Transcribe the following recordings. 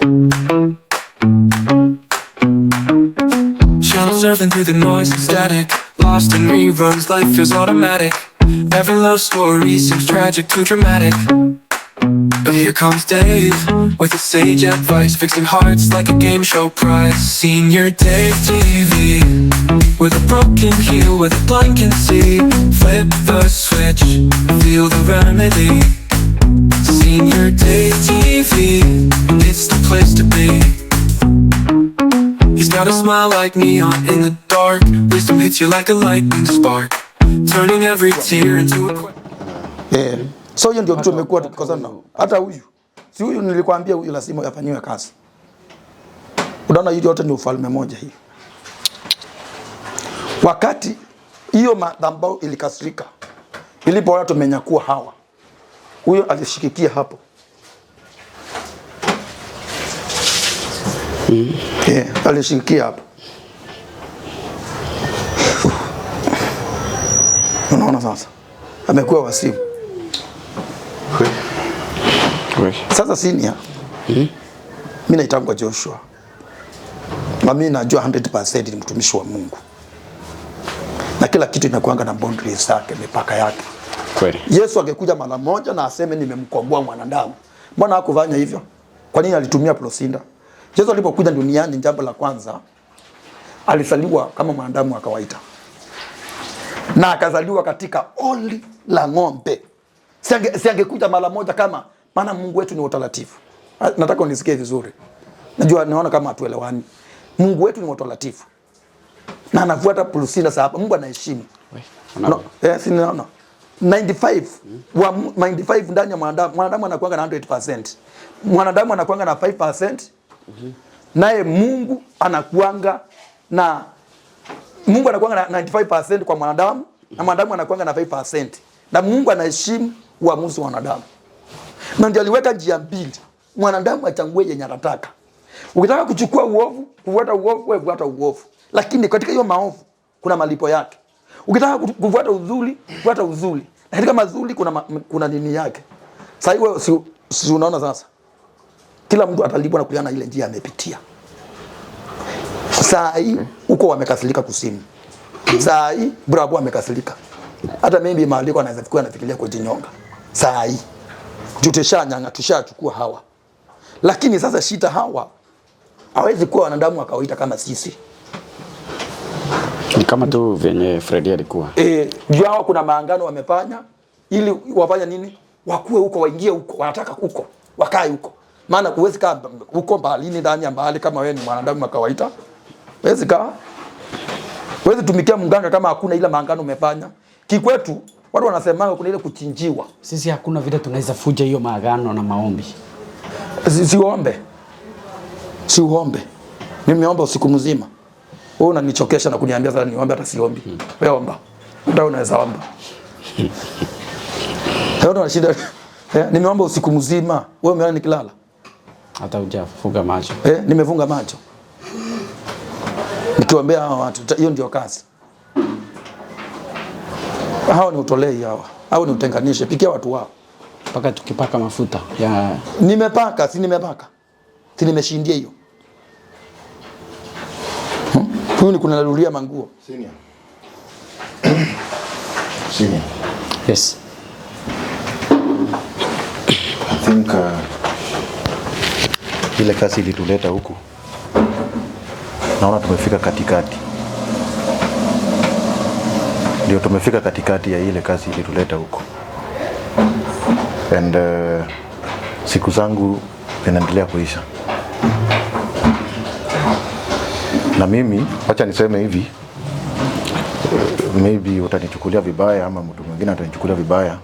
Shadow surfing through the noise and static Lost in reruns, life feels automatic Every love story seems tragic, too dramatic but here comes Dave with his sage advice, fixing hearts like a game show prize. Senior Dave TV with a broken heel, with a blind can see. Flip the switch, feel the remedy. Senior Dave TV, it's the place to be He's got a smile like neon in the dark Wisdom hits you like a lightning spark Turning every tear into a... Yeah. So huyo ndio mtu umekuwa tukikosana nao. Hata huyu. Si huyu nilikwambia huyu lazima yafanyiwe kazi. Unaona hiyo yote ni ufalme moja hii. Wakati hiyo madhabahu ilikasirika, ilipoona tumenyakua hawa, huyo alishikikia hapo mm. yeah, alishirikia hapo. Unaona sasa amekuwa wasimu sasa senior mm. mi naitangwa Joshua na mi najua 100% ni mtumishi wa Mungu na kila kitu inakuanga na boundaries zake, mipaka yake. Kweli. Yesu angekuja mara moja na aseme nimemkomboa mwanadamu, mbona hakufanya hivyo? Kwa nini alitumia Prosinda? Yesu alipokuja duniani, jambo la kwanza alizaliwa kama mwanadamu wa kawaida, na akazaliwa katika oli la ng'ombe. Siangekuja mara moja kama, maana Mungu wetu ni utaratibu. Nataka unisikie vizuri, najua naona kama hatuelewani. Mungu wetu ni utaratibu na anafuata pulsila za hapa. Mungu anaheshimu no, yes, eh, no, naona 95 wa 95 ndani ya mwanadamu. Mwanadamu anakuanga na 100%, mwanadamu anakuanga na 5% naye Mungu anakuanga na Mungu anakuanga na 95% kwa mwanadamu na mwanadamu anakuanga na 5%, na Mungu anaheshimu uamuzi wa mwanadamu, na ndio aliweka njia mbili, mwanadamu achangue yenye anataka. Ukitaka kuchukua uovu, kuvuata uovu, wewe vuata uovu, lakini katika hiyo maovu kuna malipo yake. Ukitaka kuvuata uzuri, vuata uzuri, katika mazuri kuna ma, kuna nini yake. Sasa hiyo si, si unaona sasa kila mtu atalipwa na kulingana na ile njia amepitia. Saa hii huko wamekasirika kusini. Saa hii Bravo amekasirika. Hata mimi maandiko anaweza fikiri anafikiria kujinyonga. Saa hii juu tushanyanga tushachukua hawa. Lakini sasa shita hawa hawezi kuwa wanadamu wa kama sisi. Ni kama tu venye Freddy alikuwa. Eh, juu hawa kuna maangano wamefanya ili wafanya nini? Wakue huko, waingie huko, wanataka huko, wakae huko maana huwezi kaa huko mbalini ndani ya mbali kama wewe ni mwanadamu wa kawaida. Huwezi kaa. Huwezi tumikia mganga kama hakuna ile maangano umefanya. Kikwetu watu wanasema kuna ile kuchinjiwa. Sisi hakuna vile tunaweza fuja hiyo maagano na maombi. Siuombe. Si siombe. Nimeomba usiku mzima. Wewe unanichokesha na kuniambia sasa niombe, hata siombi. Hmm. Wewe omba. Ndio unaweza omba. Leo tunashinda. Eh, nimeomba usiku mzima. Wewe umeona nikilala. Hata hujafunga macho. Eh, nimefunga macho nikiwaambia hawa watu, hiyo ndio kazi. Hawa ni utolei, hawa au ni utenganishe, pikia watu wao mpaka tukipaka mafuta ya nimepaka, si nimepaka, si nimeshindia hiyo hmm? huyu ni kuna manguo senior senior yes I think uh ile kasi ilituleta huku, naona tumefika katikati, ndio tumefika katikati ya ile kasi ilituleta huku and uh, siku zangu zinaendelea kuisha, na mimi wacha niseme hivi, maybe utanichukulia vibaya ama mtu mwingine atanichukulia vibaya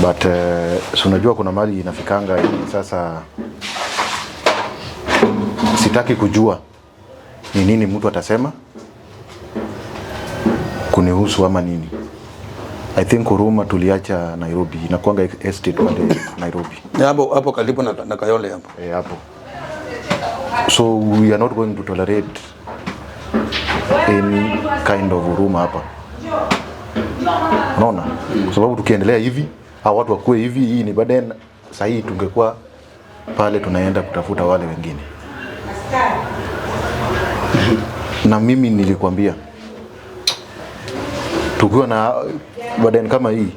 but uh, si unajua kuna mali inafikanga sasa Sitaki kujua ni nini mtu atasema kunihusu ama nini. I think huruma tuliacha Nairobi, inakuanga estate pale Nairobi hapo hapo karibu na, na Kayole hapo eh, hapo so we are not going to tolerate any kind of huruma hapa, unaona, kwa sababu tukiendelea hivi au watu wakue hivi, hii ni baadaye. Sahii tungekuwa pale tunaenda kutafuta wale wengine. na mimi nilikwambia tukiwa na baden kama hii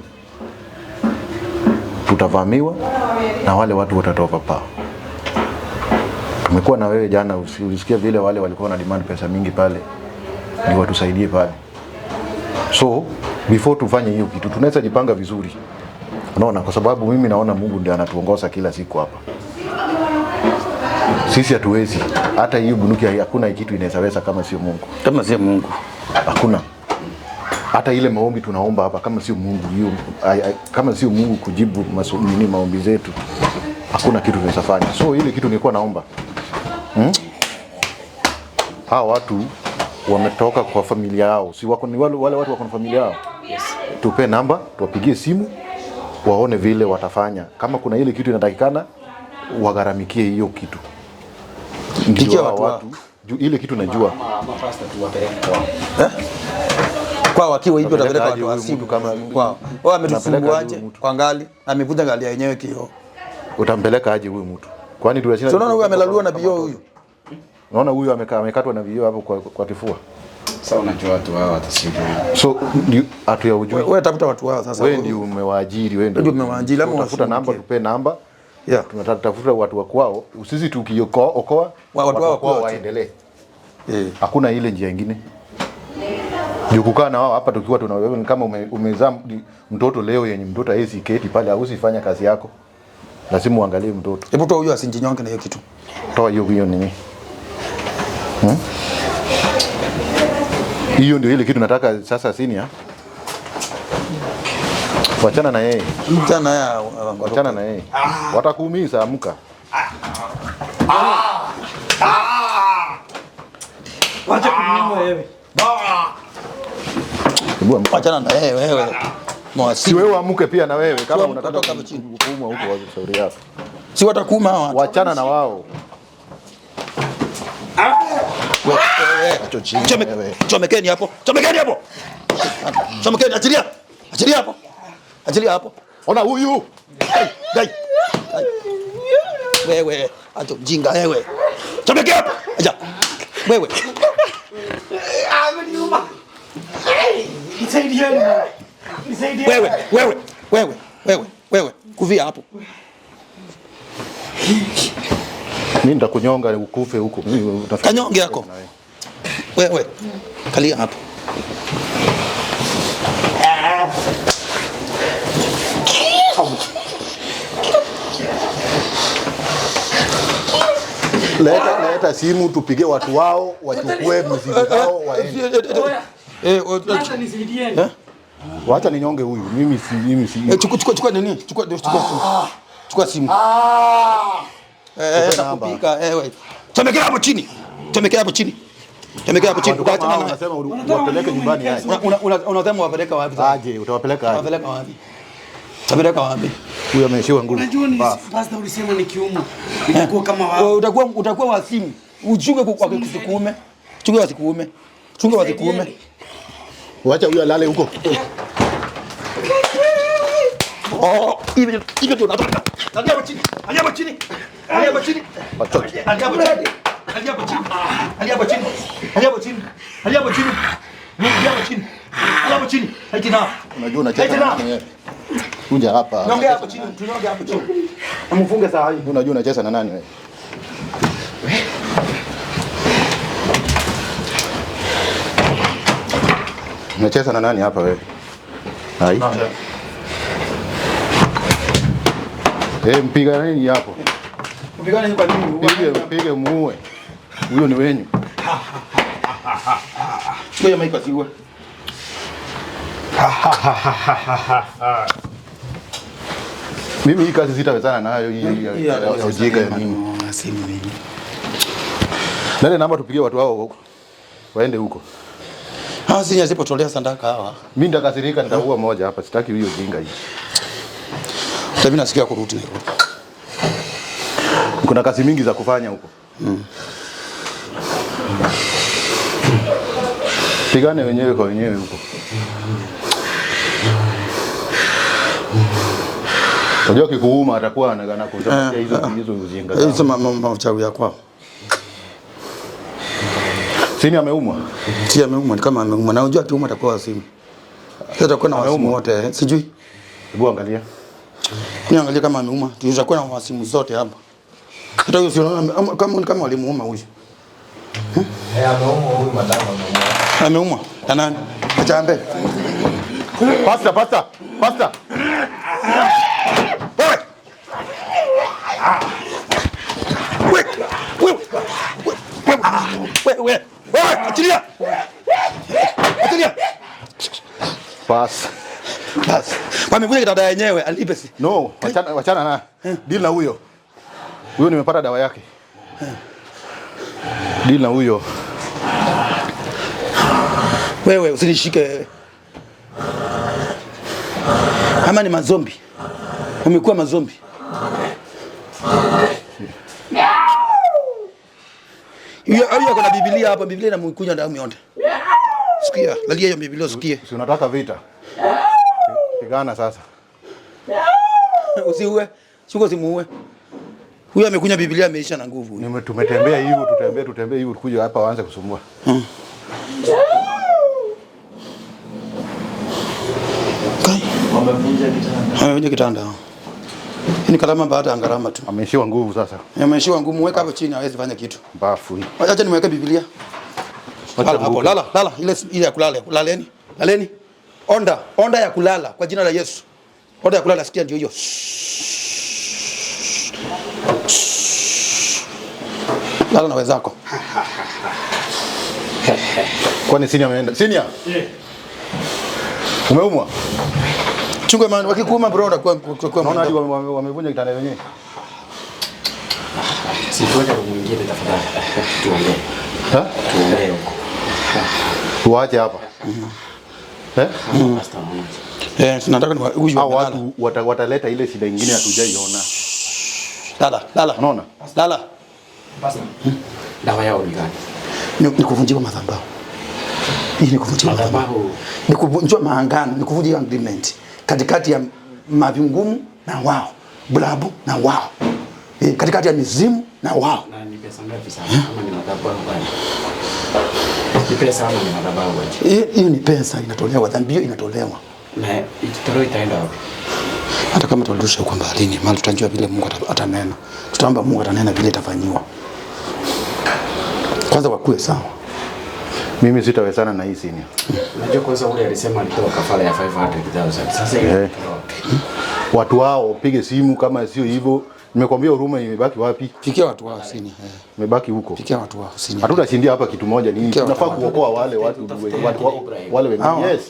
tutavamiwa na wale watu watatoka paa. Tumekuwa na wewe jana, ulisikia vile wale walikuwa na demand pesa mingi pale, ni watusaidie pale. So before tufanye hiyo kitu, tunaweza jipanga vizuri, unaona, kwa sababu mimi naona Mungu ndiye anatuongoza kila siku hapa. Sisi hatuwezi hata hiyo bunduki, hakuna kitu inawezaweza kama sio Mungu, kama sio Mungu hakuna hata ile maombi tunaomba hapa, kama sio Mungu hiyo, kama sio Mungu kujibu nini maombi zetu, hakuna kitu tunaweza fanya. So ile kitu nilikuwa naomba hmm? Hawa watu wametoka kwa familia yao, si wako ni wale, wale watu wako na familia yao yes. Tupe namba tuwapigie simu waone vile watafanya, kama kuna ile kitu inatakikana wagharamikie hiyo kitu mpikia watu, watu juu ile kitu najua kwa eh? wakiwa hivyo utapeleka watu wasibu kama kwa wao ametusumbuaje kwa ngali amevunja ngali yenyewe kio, utampeleka aje huyu mtu? Kwani tu tunashinda unaona huyu amelaliwa na bio huyu, unaona huyu amekaa amekatwa na bio hapo kwa, kwa kifua. Sasa unajua watu wao watasijui, so hatu ujui wewe, tafuta watu wao sasa. Wewe ndio umewaajiri, wewe ndio umewaajiri, ama unafuta namba, tupe namba yeah. tunatafuta watu wa kwao, sisi tukiokoa watu wa kwao waendelee, eh. hakuna ile njia ingine juu kukaa na wao hapa tukiwa tuna kama umezaa mtoto leo yenye mtoto hawezi keti pale, usifanya kazi yako, lazima uangalie mtoto. Hebu toa huyo asinjinyonge na hiyo kitu, toa hiyo hiyo nini, hmm? hiyo hmm? Ndio ile kitu nataka sasa senior Wachana na yeye, wachana na yeye, ah. watakuumiza. Amka, Ah. Ah. ah. Wacha ah. wewe. wachana na yeye wewe. Si wewe amke pia na wewe kama unataka kuumwa huko, wazo shauri yako. Si watakuma hawa. Wachana na wao. Chomekeni hapo. Chomekeni hapo. Chomekeni, achilia. Achilia hapo. Achilia hapo. Ona huyu. Dai. Wewe, ato jinga wewe. Chomeke hapo. Acha. Wewe. Ameniuma. Nisaidieni. Nisaidieni. Wewe, wewe, wewe, wewe, wewe. Kuvia hapo. Mimi nitakunyonga ukufe huko. Kanyonge yako. Wewe. Kalia hapo. leta, leta simu tupige watu wao wachukue mzigo wao waende. Eh, Wacha ninyonge huyu mimi si mimi si. Eh, chukua chukua chukua nini? Chukua chukua simu. Ah. Chukua simu. Ah. Eh, eh kupika eh wewe. Chomekea hapo chini. Chomekea hapo chini. Chomekea hapo chini. Unasema uwapeleke nyumbani. Unasema uwapeleke wapi? Aje, utawapeleka wapi? Utawapeleka wapi? Tapeleka wapi? Huyo ameishiwa nguvu. Unajua ni ulisema ni kiumo. Itakuwa kama wao. Utakuwa utakuwa wasimu. Uchunge kwa kisikuume. Chunge wasikuume. Chunge wasikuume. Wacha huyo alale huko. Oh, hivi hivi tu nataka. Angia chini. Angia chini. Angia chini. Angia chini. Angia chini. Angia chini. Angia chini. Angia chini. Angia chini. Angia chini. Unajua unacheka. Kuja hapa. Naongea hapo chini, tunaongea hapo chini. mfunge saa hii. Unajua unacheza na nani wewe? Unacheza na nani hapa wewe? Hai. Eh, mpiga nini hapo? Mpiga nini kwa nini? Mpige, mpige muue. Huyo ni wenyu. Ngoja maiko Ha Ha ha ha ha ha. Mimi hii kazi sitawezana nayo hii ya ujiga ya nini. Nani namba tupigie watu hao waende huko. Hawa ah, si asipotolea sadaka hawa. Mimi nitakasirika nitaua moja hapa, sitaki hiyo jinga hii. Sasa mimi nasikia kurudi Nairobi. Kuna kazi mingi za kufanya huko. Mm. Pigane wenyewe kwa wenyewe huko. Unajua kikuuma atakuwa anagana kuzungumzia eh, hizo eh. hizo uzinga. Hizo machawi ya kwao. Sini ameumwa? Si ameumwa, kama ameumwa. Na unajua akiumwa atakuwa wasimu. Sasa atakuwa na wasimu wote, eh, sijui. Hebu angalia. Ni angalia kama ameumwa. Tutakuwa na wasimu zote hapa. Hata huyo sio kama kama walimuuma huyo. Hmm? Eh, ameumwa huyu madama ameumwa. Ameumwa. Na nani? Acha ambe. Pasta, pasta, pasta. Wamevunja kitanda yenyewe alipe si. No, wachana wachana na. Hmm. Deal na huyo. Huyo nimepata dawa yake. Hmm. Deal na huyo. Wewe usinishike. wewe. Ama ni mazombi. Umekuwa mazombi. Yeye Hiyo yako na Biblia hapa, Biblia inamkunya damu yote. Sikia, lalia hiyo Biblia usikie. Si unataka vita. Pigana sasa. Usiue. Shuko simuue. Huyu amekunya Biblia ameisha na nguvu. Nime tumetembea hivi, tutembea tutembea hivi kuja hapa waanze kusumbua. Hmm. Kai. Wamevunja kitanda. Wamevunja kitanda. Ni kalama baada ya ngarama tu. Ameishiwa nguvu sasa. Ameishiwa nguvu, weka hapo chini hawezi fanya kitu. Bafu Acha nimweke Biblia. Lala lala, lala ile ile ya kulala. Laleni. Laleni onda onda ya kulala kwa jina la Yesu. Onda ya kulala, sikia, ndio hiyo. Lala na wenzako. Kwani senior ameenda? Senior? Yeah. Umeumwa? Chunga man, wakikuuma bro, na kwa kwa kwa naona hadi wamevunja kitanda wenyewe. Sifanye mwingine tafadhali. Tuombe. Ha? Tuombe. Tuache hapa. Mhm. Eh? eh watu wataleta ile shida nyingine hatujaiona. Unaona? Dawa yao ni gani? Ni kuvunjiwa madhabahu. ni kuvunjiwa madhabahu. Ni kuvunjiwa maangano, ni kuvunjiwa agreement katikati ya mavingumu na wao, blabu na wao. Eh, katikati ya mizimu na wao. Na ni pesa ngapi kama ni madhabahu gani? Ni pesa ama ni madhabahu aje? Eh, hiyo ni pesa inatolewa, dhambi hiyo inatolewa. Na itatolewa itaenda wapi? Hata kama tutarudisha kwa mbalini, mali tutajua vile Mungu atanena. Tutaomba Mungu atanena vile itafanywa. Kwanza wakue sawa. Mimi sitawezana na hii sini. Unajua kwanza ule alisema alitoa kafara ya 500,000. Sasa hiyo eh. watu wao pige simu kama sio hivyo Nimekwambia huruma imebaki wapi? Fikia watu wa hasini. Eh. Imebaki huko. Fikia watu wa Husini. Hatutashindia hapa kitu moja ni tunafaa kuokoa wale watu wale wengine. Yes.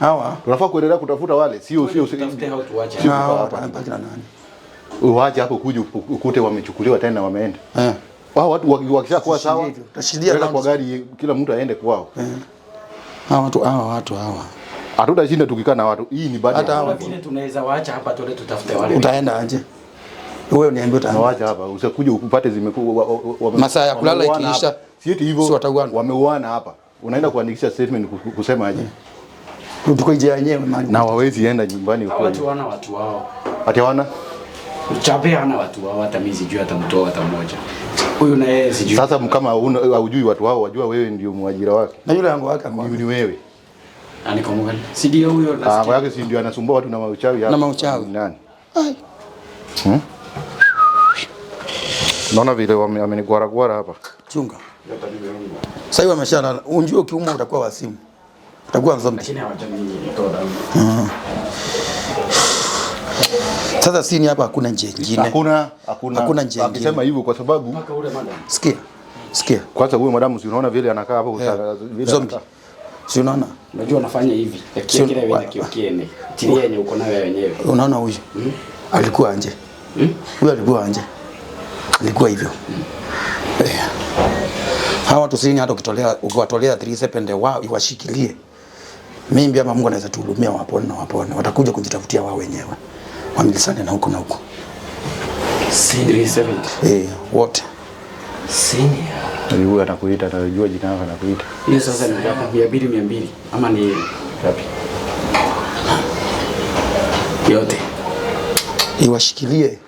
Hawa. Tunafaa kuendelea kutafuta wale sio sio tafute hao tuache. Sio Hapa na nani? Waache hapo kuja ukute wamechukuliwa tena wameenda. Eh. Wao watu wakisha kuwa sawa tutashindia kwa gari kila mtu aende kwao. Eh. Hawa watu hawa watu hawa. Hatutashinda tukikaa na watu. Hii ni baada. Hata hawa tunaweza waacha hapa tuende tutafute wale. Utaenda aje? wewe niambie utaacha hapa, usikuje upate zimekuwa masaa ya kulala ikiisha, Si eti hivyo wameuana hapa, unaenda kuandikisha statement kusema aje? Tuko nje yenyewe mali na wawezi enda nyumbani huko, watu wana watu wao, ati wana Chapea ana watu wao, hata mimi sijui hata mtu hata mmoja. Huyu na yeye sijui. Sasa kama hujui watu wao, wajua wewe ndio mwajira wake. Na yule yangu wake ni wewe. Ani ah, kwa Anikomugani. Sidi ya huyo ah, nasikia. Ah, yake si ndio anasumbua watu na mauchawi hapa. Na mauchawi. Nani? Ai. Hmm? Naona vile wamenigwaragwara hapa. Chunga. Sasa hivi ameshalala. Unjua ukiumwa utakuwa wasimu. Utakuwa mzombe. Lakini hawajamii toa damu. Hmm. Sasa sini hapa hakuna njia nyingine. Hakuna hakuna. Hakuna njia nyingine. Akisema hivyo kwa sababu mpaka ule madam. Sikia. Sikia. Kwanza huyo madam si unaona vile anakaa hapo eh, vile. Zombi. Si unaona? Unajua anafanya hivi. Yakia kile vile kiokieni. Tiria yenye uko nayo wewe wenyewe. Unaona huyo? Hmm? Alikuwa nje. Huyo hmm? alikuwa nje ilikuwa hivyo yeah. Hawa tusini hata ukitolea ukiwatolea 37 wao iwashikilie mimi ama Mungu anaweza tuhudumia wapone na wapone, watakuja kujitafutia wao wenyewe, wamilisane na huko na huko eh, wote huyu anakuita, anajua jina lako, anakuita hiyo. Sasa ni ngapi? mia 200 ama ni ngapi? yote iwashikilie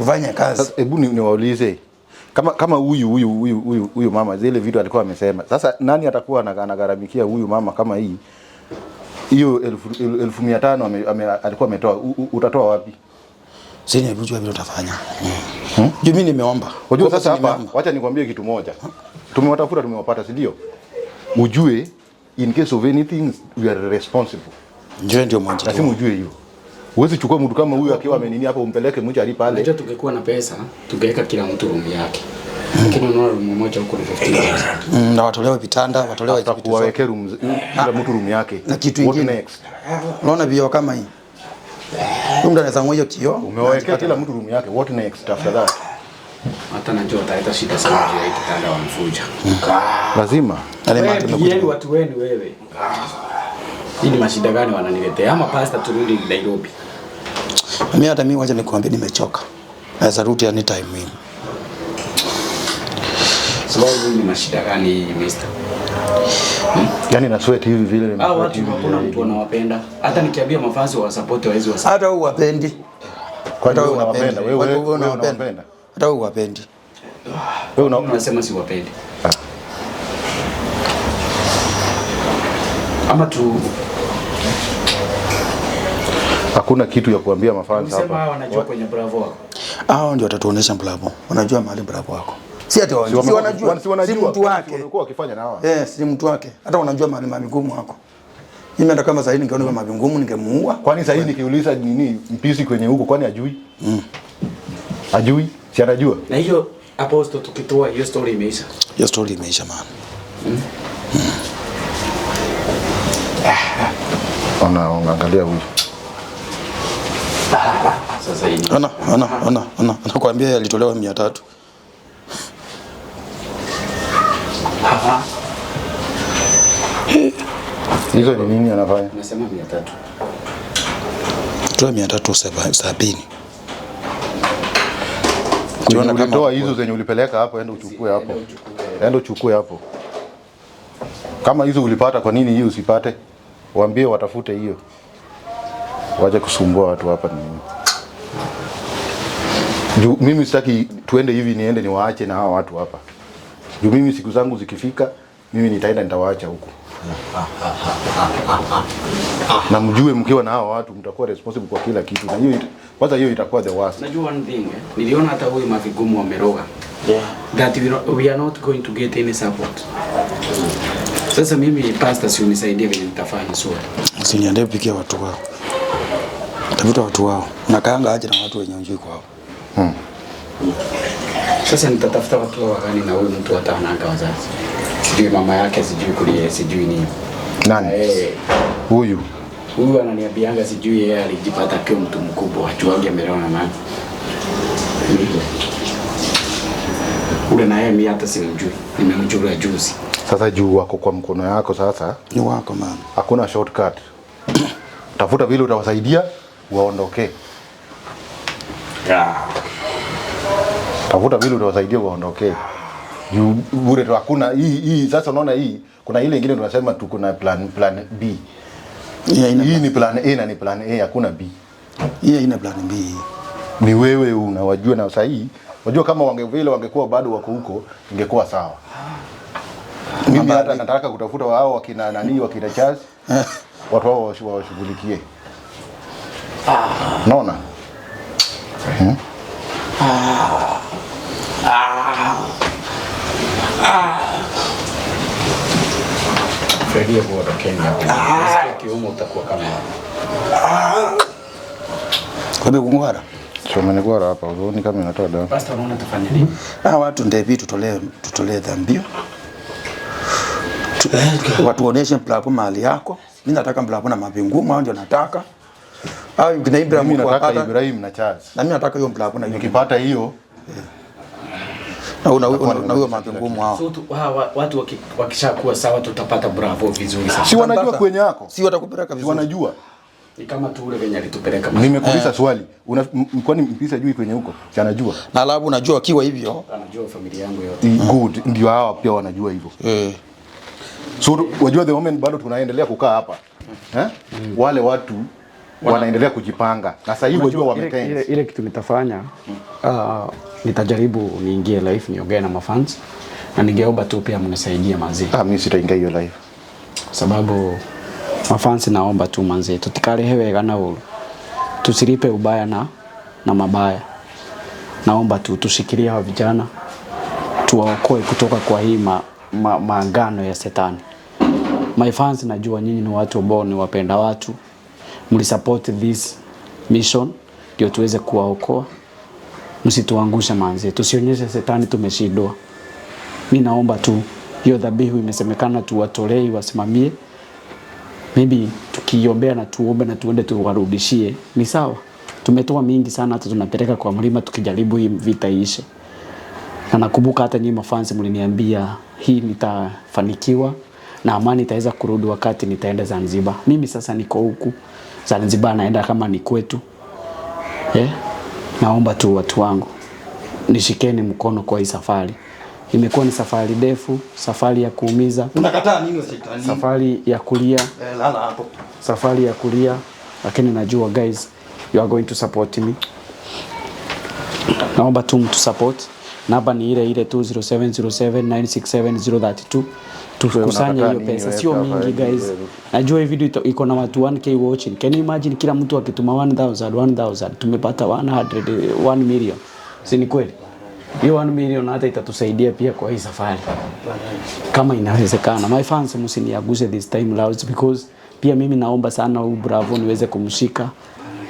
kufanya kazi. Hebu niwaulize kama kama huyu huyu huyu huyu huyu mama zile vitu alikuwa amesema, sasa nani atakuwa anagharamikia huyu mama kama hii hiyo elfu, elfu mia tano ame, ame, alikuwa ametoa, utatoa wapi? Sina bujua vile utafanya hmm? Juu mimi nimeomba. Unajua sasa hapa, acha nikwambie kitu moja, tumewatafuta tumewapata, si ndio? Ujue in case of anything we are responsible, ndio ndio mwanzo, lazima ujue hiyo Huwezi chukua mtu kama huyu akiwa amenini hapo umpeleke mmoja ali pale. Hata tungekuwa na pesa, tungeweka kila mtu room yake. Lakini unaona room moja huko ni Mm, Na watolewe vitanda, watolewe vitu. Kuwawekea room mm, kila mtu room yake. Na kitu kingine. Unaona bio kama hii. Mtu anaweza ngoja kioo. Umewawekea kila mtu room yake. What next after that? Hata najua ataleta shida sana juu ya kitanda wa mfuja. Lazima. Watu wenu wewe. Hii ni mashida gani wananiletea ama pasta turudi Nairobi? Mimi hata mimi wacha nikuambie nimechoka. As a route any time mimi. Sababu so, ni mashida gani mister? Hmm? Yaani na sweat hivi vile ni ah, watu hakuna mtu anawapenda. Hata nikiambia mafansi wa support hawezi wa Hata wewe wapendi. Kwa hata hiyo unawapenda wewe wewe unawapenda. Hata wewe wapendi. Wewe unasema si wapendi. Ah. Ama tu Hakuna kitu ya kuambia mafans hapa. Hawa wanajua kwenye Bravo wako. Hawa ndio watatuonesha Bravo. Wanajua mahali Bravo wako. Si ati wao. Si wanajua. Si wanajua. Si mtu wake. Walikuwa wakifanya na hawa. Eh, si mtu wake. Hata wanajua mahali mamigumu wako. Mimi hata kama sasa ningeona kama mamigumu ningemuua. Kwani sasa hivi nikiuliza nini mpisi kwenye huko kwani ajui? Mm. Ajui? Si anajua. Na hiyo aposto tukitoa hiyo story imeisha. Hiyo story imeisha man. Mm. Mm. Ah. ah unaangalia huyu ana, Ana ana ana ana anakuambia alitolewa 300. Hizo ni nini anafanya? Toa 370. Unaona kama toa hizo zenye ulipeleka hapo, enda uchukue hapo. Enda uchukue hapo. Kama hizo ulipata, kwa nini hii usipate? waambie watafute hiyo, waje kusumbua watu hapa ni juu mimi sitaki tuende hivi niende niwaache na hawa watu hapa. Juu mimi siku zangu zikifika, mimi nitaenda nitawaacha huko. Na mjue mkiwa na hawa watu mtakuwa responsible kwa kila kitu. Na hiyo kwanza hiyo itakuwa the worst. Najua one thing, eh? Niliona hata huyu mavigumu ameroga. Yeah. That we are not going to get any support. Sasa mimi pasta, si unisaidie vile nitafanya sura. Usiniambie pikia watu wao. Tafuta watu wao. Unakaanga aje na watu wenye unjui kwao. Hmm. Sasa nitatafuta watu wao gani na huyu mtu hata anaanga wazazi. Sijui mama yake sijui kulie sijui nini. Nani? Eh. Huyu. Hey. Huyu ananiambianga sijui yeye alijipata kwa mtu mkubwa, achuange amelewa na nani. Ule na yeye mimi hata simjui. Nimemjua juzi. Sasa juu wako kwa mkono yako, sasa ni wako mama, hakuna shortcut. Tafuta vile utawasaidia waondoke, yeah. Tafuta vile utawasaidia waondoke juu bure tu, hakuna hii hii. Sasa unaona hii, kuna ile ingine tunasema tu kuna plan plan B yeah, hii ni plan A na ni plan A, hakuna B. Hii ina plan B, ni wewe unawajua, na sasa hii unajua, kama wange vile wangekuwa bado wako huko ingekuwa sawa mimi hata nataka kutafuta wao wakina nani wakina chazi eh. watu wao washughulikie. Ah. Naona hmm? ah. ah. ah. Kenya. Ah. utakuwa kama Kwa hapa uoni kama inatoa damu. Ah, watu ndio tutolee tutolee dhambio watuoneshe mplapo mahali yako. Mimi nataka mplapo na mapingumu, ndio nataka au kina Ibrahim, nataka Ibrahim na Charles, na mimi nataka hiyo mplapo, na nikipata hiyo na na hiyo huyo mapingumu hao. watu wakishakuwa sawa, tutapata Bravo vizuri sana. Si wanajua kwenye yako, si watakupeleka vizuri, wanajua kama tu ule venye alitupeleka. Nimekuuliza eh. swali kwani mpisa juu kwenye huko si anajua, na alafu unajua akiwa hivyo anajua familia yangu yote good, ndio hawa pia wanajua hivyo eh. So wajua the women bado tunaendelea kukaa hapa eh? Mm. Wale watu wanaendelea kujipanga na sasa hivi wajua wametenga ile, ile kitu nitafanya uh, nitajaribu niingie live niongee na mafans na ningeomba tu pia mnisaidie manzi. Ah, mimi sitaingia hiyo live sababu mafans naomba tu manzi tutikare wega na uru tusiripe ubaya na, na mabaya naomba tu tushikilie hawa vijana tuwaokoe kutoka kwa hii ma, ma, maangano ya setani. My fans, najua nyinyi ni watu ambao ni wapenda watu, mlisupport this mission ndio tuweze kuwaokoa. Msituangushe manzi, tusionyeshe shetani tumeshindwa. Mimi naomba tu hiyo dhabihu imesemekana tuwatolei wasimamie, maybe tukiombea na tuombe na tuende tuwarudishie, ni sawa. Tumetoa mingi sana, hata tunapeleka kwa mlima tukijaribu hii vita iishe, na nakumbuka hata nyinyi mafansi mliniambia hii nitafanikiwa na amani itaweza kurudi wakati nitaenda Zanzibar. Mimi sasa niko huku Zanzibar, naenda kama ni kwetu eh? Naomba tu watu wangu nishikeni mkono kwa hii safari. Imekuwa ni safari ndefu, safari ya kuumiza, unakataa nini shetani, safari ya kulia eh, lala hapo, safari ya kulia, lakini najua guys you are going to support me. Naomba tu mtu support, namba ni ile ile tu 07079670032 tukusanye hiyo pesa, sio mingi guys. Najua hii video iko na watu 1k watching. Can you imagine kila mtu akituma 1000 1000 tumepata 100 1 million, si ni kweli? Hiyo 1 million hata itatusaidia pia kwa hii safari kama inawezekana. My fans, msiniaguze this time loud because pia mimi naomba sana huyu Bravo niweze kumshika,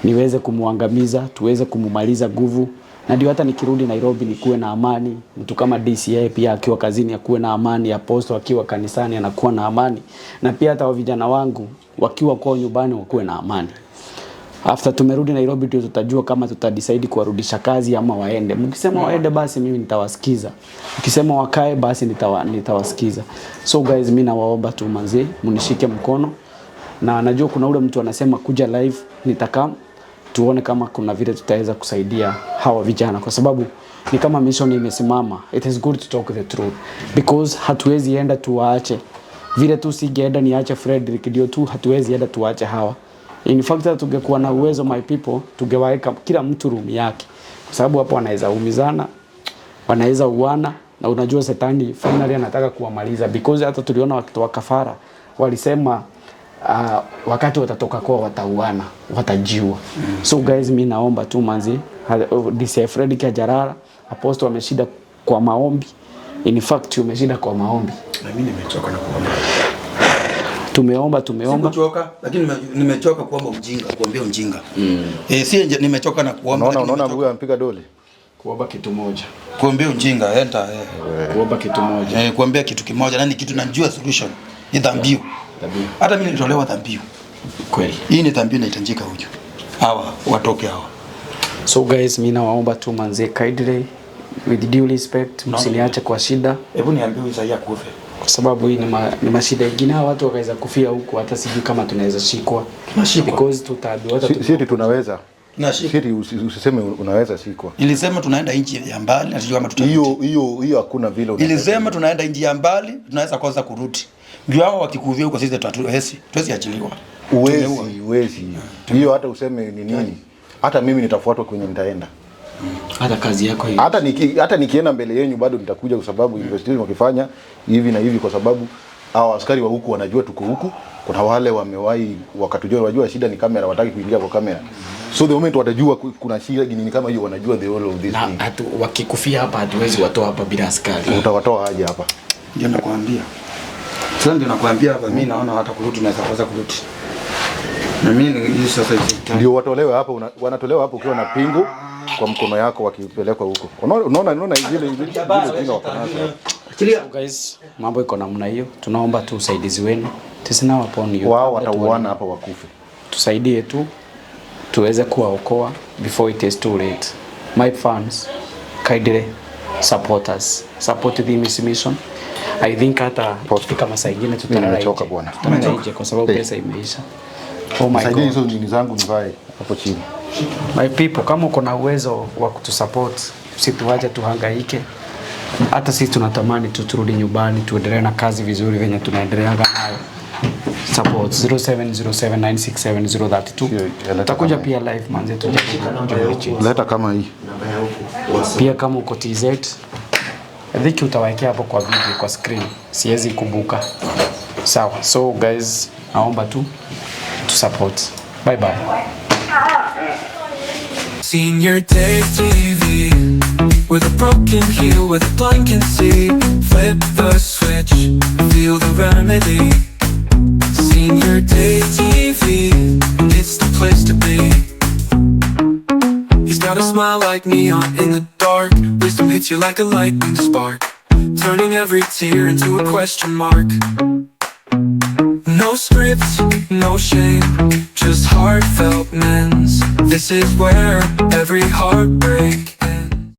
niweze kumwangamiza, tuweze kumumaliza nguvu na ndio hata nikirudi Nairobi nikuwe na amani, mtu kama DCI pia akiwa kazini akuwe na amani, aposto akiwa kanisani anakuwa na amani, na pia hata vijana wangu wakiwa kwao nyumbani wakuwe na amani. After tumerudi Nairobi ndio tutajua kama tutadecide kuwarudisha kazi ama waende. Mkisema waende basi mimi nitawasikiza. Mkisema wakae basi nitawa, nitawasikiza. So guys mimi nawaomba tu manzi mnishike mkono. Na najua kuna ule mtu anasema kuja live nitakaa tuone kama kuna vile tutaweza kusaidia hawa vijana, kwa sababu ni kama mission imesimama. It is good to talk the truth because hatuwezi enda tuwaache vile tu, sigeenda niache Frederick ndio tu, hatuwezi enda tuwaache hawa. In fact tungekuwa na uwezo my people, tungewaeka kila mtu room yake, kwa sababu hapo wanaweza umizana, wanaweza uana, na unajua setani finally anataka kuwamaliza because hata tuliona wakitoa kafara walisema uh, wakati watatoka kwa watauana, watajiua. mm. So guys, mi naomba tu manzi oh, DCI Fred Kajarara Apostle ameshinda kwa maombi. In fact umeshinda kwa maombi, na mimi nimechoka na kuomba. Tumeomba, tumeomba. Sikuchoka, lakini nimechoka kuomba mjinga, kuombea mjinga. Mm. Eh, si nimechoka na kuomba. Unaona, unaona mguu ampiga dole. Kuomba kitu moja. Kuombea mjinga, enter eh. Kuomba kitu moja. Eh, kuombea kitu kimoja, nani kitu najua solution. Ni dhambio. Yeah. Hata mimi nitolewa dhabihu. Kweli. Hii ni dhabihu inahitajika huyu, Hawa watoke hawa. So guys, mimi nawaomba tu manze Kaidre with due respect no, msiniache kwa shida. Hebu niambie Isaia kufe. Kwa sababu hii ni, ma, ni mashida ingine hawa watu wakaweza kufia huko hata sijui kama tunaweza shikwa. Tunashikwa. Because tutaambiwa hata si, si, tunaweza. Siri usiseme unaweza sikwa. Ilisema tunaenda nchi ya mbali na sijui kama tutarudia. Hiyo hiyo hiyo hakuna vile unaweza. Ilisema tunaenda nchi ya mbali tunaweza kwanza kurudi. Ndio hao wakikuvia huko sisi tatu hesi eh, tuwezi achiliwa. Uwezi, uwezi. Hiyo hata useme ni nini? Hata mimi nitafuatwa kwenye nitaenda. Hata kazi yako hiyo. Hata niki, hata nikienda mbele yenu bado nitakuja kwa sababu mm. investigation wakifanya hivi na hivi kwa sababu hao askari wa huku wanajua tuko huku. Kuna wale wamewahi wakatujua, wajua shida ni kamera, wataki kuingia kwa kamera. So the moment watajua kuna shida gini kama hiyo, wanajua the whole of this na, thing. Hatu, wakikufia hapa hatuwezi watoa hapa bila askari. Utawatoa aje hapa? Ndio nakwambia. Sasa ndio nakwambia hapa, mimi naona hata kurudi naweza kosa kurudi. Na mimi hii sasa ndio watolewe hapo, wanatolewa hapo ukiwa na pingu kwa mkono yako wakipelekwa huko. Unaona, unaona ile ile ile wa Guys, mambo iko namna hiyo. Tunaomba tu usaidizi wenu. Tisina waponi hiyo. Wao watauana hapa wakufe. Tusaidie tu tuweze kuwaokoa before it is too late. My fans, kindly support us. support the mission. I think hata kufika masaa ingine tutachoka bwana, tutaenda kwa sababu pesa imeisha. Oh my God, hizo nini zangu nivae hapo chini. My people, kama uko na uwezo wa kutusupport, usituache tuhangaike. Hata sisi tunatamani tu turudi nyumbani tuendelee na kazi vizuri venye tunaendelea nayo. Support 0707967032. Takuja pia live manze, tuja leta kama hii. Pia kama uko TZ dhiki utawekea hapo kwa video, kwa screen, siwezi kumbuka. Sawa, so guys, naomba tu tu support. Bye bye. Senior Day TV with a broken heel with a blind can see flip the switch feel the remedy Senior Day TV it's the place to be Got a smile like neon in the dark Wisdom hits you like a lightning spark Turning every tear into a question mark No scripts, no shame Just heartfelt mens. This is where every heartbreak